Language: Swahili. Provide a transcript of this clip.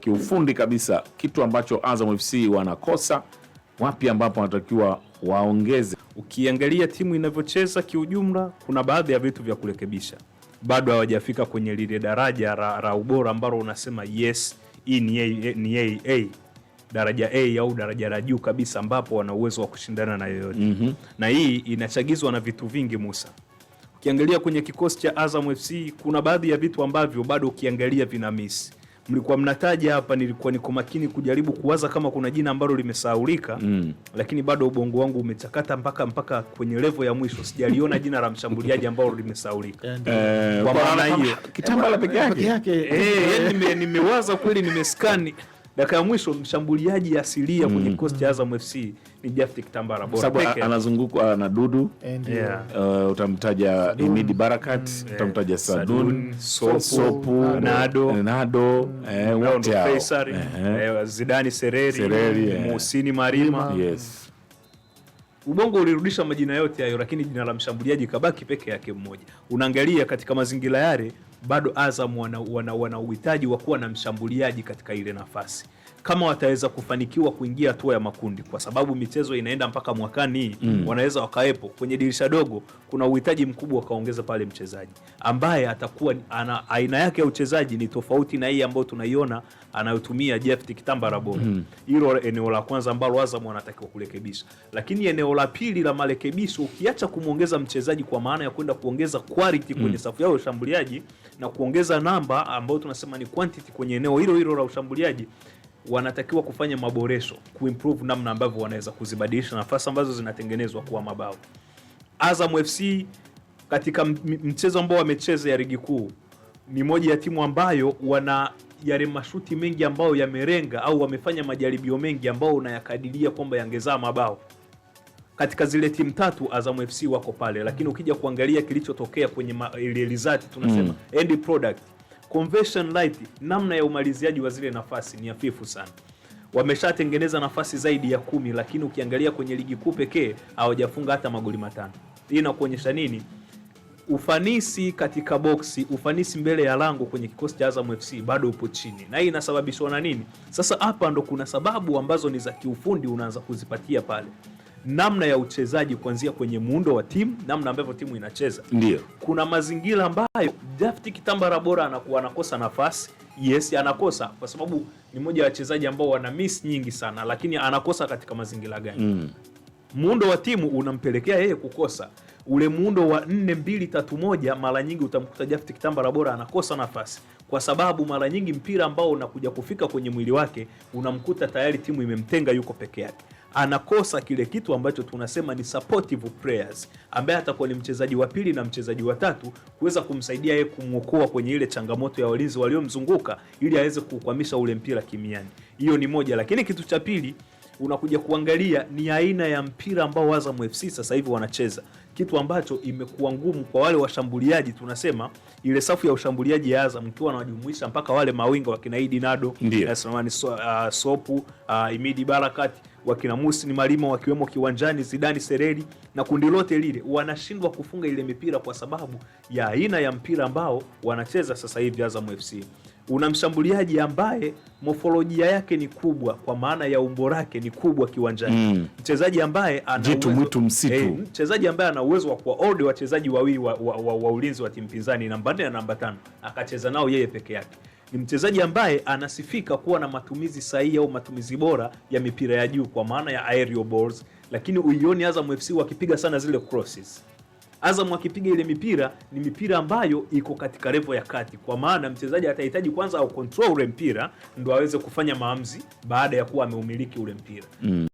Kiufundi kabisa kitu ambacho Azam FC wanakosa, wapi ambapo wanatakiwa waongeze. Ukiangalia timu inavyocheza kiujumla, kuna baadhi ya vitu vya kurekebisha, bado hawajafika kwenye lile daraja la ubora ambalo unasema yes, hii ni A, ni A, A, daraja A au daraja la juu kabisa, ambapo wana uwezo wa kushindana na yoyote mm -hmm. na hii inachagizwa na vitu vingi Musa. Ukiangalia kwenye kikosi cha Azam FC kuna baadhi ya vitu ambavyo bado ukiangalia vinamisi mlikuwa mnataja hapa, nilikuwa niko makini kujaribu kuwaza kama kuna jina ambalo limesahaulika mm. Lakini bado ubongo wangu umechakata mpaka mpaka kwenye levo ya mwisho sijaliona jina la mshambuliaji ambalo limesahaulika. Eh, eh, kwa maana hiyo Kitambala peke yake, eh, yaani nimewaza kweli, nimescan Dakika ya mwisho mshambuliaji asilia mm. kwenye kikosi cha Azam FC ni Jafti Kitambara, bora sababu anazungukwa na Dudu eh, yeah. Uh, utamtaja Emid Barakat mm. utamtaja Sadun, Sadun Sopu, Nado Nado wote hao, Zidani Sereri, Musini eh. Marima yes. Mm. Ubongo ulirudisha majina yote hayo, lakini jina la mshambuliaji kabaki peke yake mmoja. Unaangalia katika mazingira yale bado Azam wana, uhitaji wa kuwa na mshambuliaji katika ile nafasi kama wataweza kufanikiwa kuingia hatua ya makundi, kwa sababu michezo inaenda mpaka mwakani mm. wanaweza wakawepo kwenye dirisha dogo. Kuna uhitaji mkubwa wakaongeza pale mchezaji ambaye atakuwa ana, aina yake ya uchezaji ni tofauti na hii ambayo tunaiona anayotumia Jeff Kitamba Rabona. Mm. Hilo mm. eneo la kwanza ambalo Azam anatakiwa kurekebisha, lakini eneo la pili la marekebisho, ukiacha kumwongeza mchezaji kwa maana ya kwenda kuongeza quality kwenye mm. safu yao ya ushambuliaji na kuongeza namba ambayo tunasema ni quantity kwenye eneo hilo hilo la ushambuliaji wanatakiwa kufanya maboresho kuimprove namna ambavyo wanaweza kuzibadilisha nafasi ambazo zinatengenezwa kuwa mabao. Azam FC katika mchezo ambao wamecheza ya ligi kuu ni moja ya timu ambayo wana yale mashuti mengi ambayo yamerenga au wamefanya majaribio mengi ambao unayakadiria kwamba yangezaa mabao. Katika zile timu tatu Azam FC wako pale, lakini ukija kuangalia kilichotokea kwenye ma, tunasema mm. end product Conversion rate, namna ya umaliziaji wa zile nafasi ni hafifu sana. Wameshatengeneza nafasi zaidi ya kumi, lakini ukiangalia kwenye ligi kuu pekee hawajafunga hata magoli matano. Hii inakuonyesha nini? Ufanisi katika boksi, ufanisi mbele ya lango kwenye kikosi cha Azam FC bado upo chini, na hii inasababishwa na nini? Sasa hapa ndo kuna sababu ambazo ni za kiufundi unaanza kuzipatia pale namna ya uchezaji kuanzia kwenye muundo wa timu, namna ambavyo timu inacheza. Ndio kuna mazingira ambayo Daft Kitambara bora anakuwa anakosa nafasi. Yes, anakosa kwa sababu ni mmoja wa wachezaji ambao wana miss nyingi sana, lakini anakosa katika mazingira gani? Mm. Muundo wa timu unampelekea yeye kukosa ule muundo wa 4 2 3 1. Mara nyingi utamkuta Daft Kitambara bora anakosa nafasi kwa sababu mara nyingi mpira ambao unakuja kufika kwenye mwili wake unamkuta tayari timu imemtenga, yuko peke yake anakosa kile kitu ambacho tunasema ni supportive prayers, ambaye atakuwa ni mchezaji wa pili na mchezaji wa tatu kuweza kumsaidia yeye kumwokoa kwenye ile changamoto ya walinzi waliomzunguka ili aweze kukwamisha ule mpira kimiani. Hiyo ni moja, lakini kitu cha pili unakuja kuangalia ni aina ya mpira ambao Azam FC sasa hivi wanacheza, kitu ambacho imekuwa ngumu kwa wale washambuliaji. Tunasema ile safu ya ushambuliaji ya Azam ukiwa wanajumuisha mpaka wale mawinga wakina Idi Nado, Asmani uh, Sopu, uh, Imidi Barakati wakina ni Malimo wakiwemo kiwanjani, Zidani Sereri na kundi lote lile, wanashindwa kufunga ile mipira kwa sababu ya aina ya mpira ambao wanacheza sasa hivi. Azam FC una mshambuliaji ambaye mofolojia yake ni kubwa, kwa maana ya umbo lake ni kubwa kiwanjani, mm. mchezaji mm. ambaye ana jitu mwitu msitu, eh, mchezaji ambaye ana uwezo wa kuwaode wachezaji wawili wa, wa, wa, wa ulinzi wa timu pinzani, namba 4 na namba 5, akacheza nao yeye peke yake ni mchezaji ambaye anasifika kuwa na matumizi sahihi au matumizi bora ya mipira ya juu kwa maana ya aerial balls, lakini uioni Azam FC wakipiga sana zile crosses. Azam akipiga ile mipira ni mipira ambayo iko katika level ya kati, kwa maana mchezaji atahitaji kwanza au control ule mpira ndo aweze kufanya maamuzi baada ya kuwa ameumiliki ule mpira mm.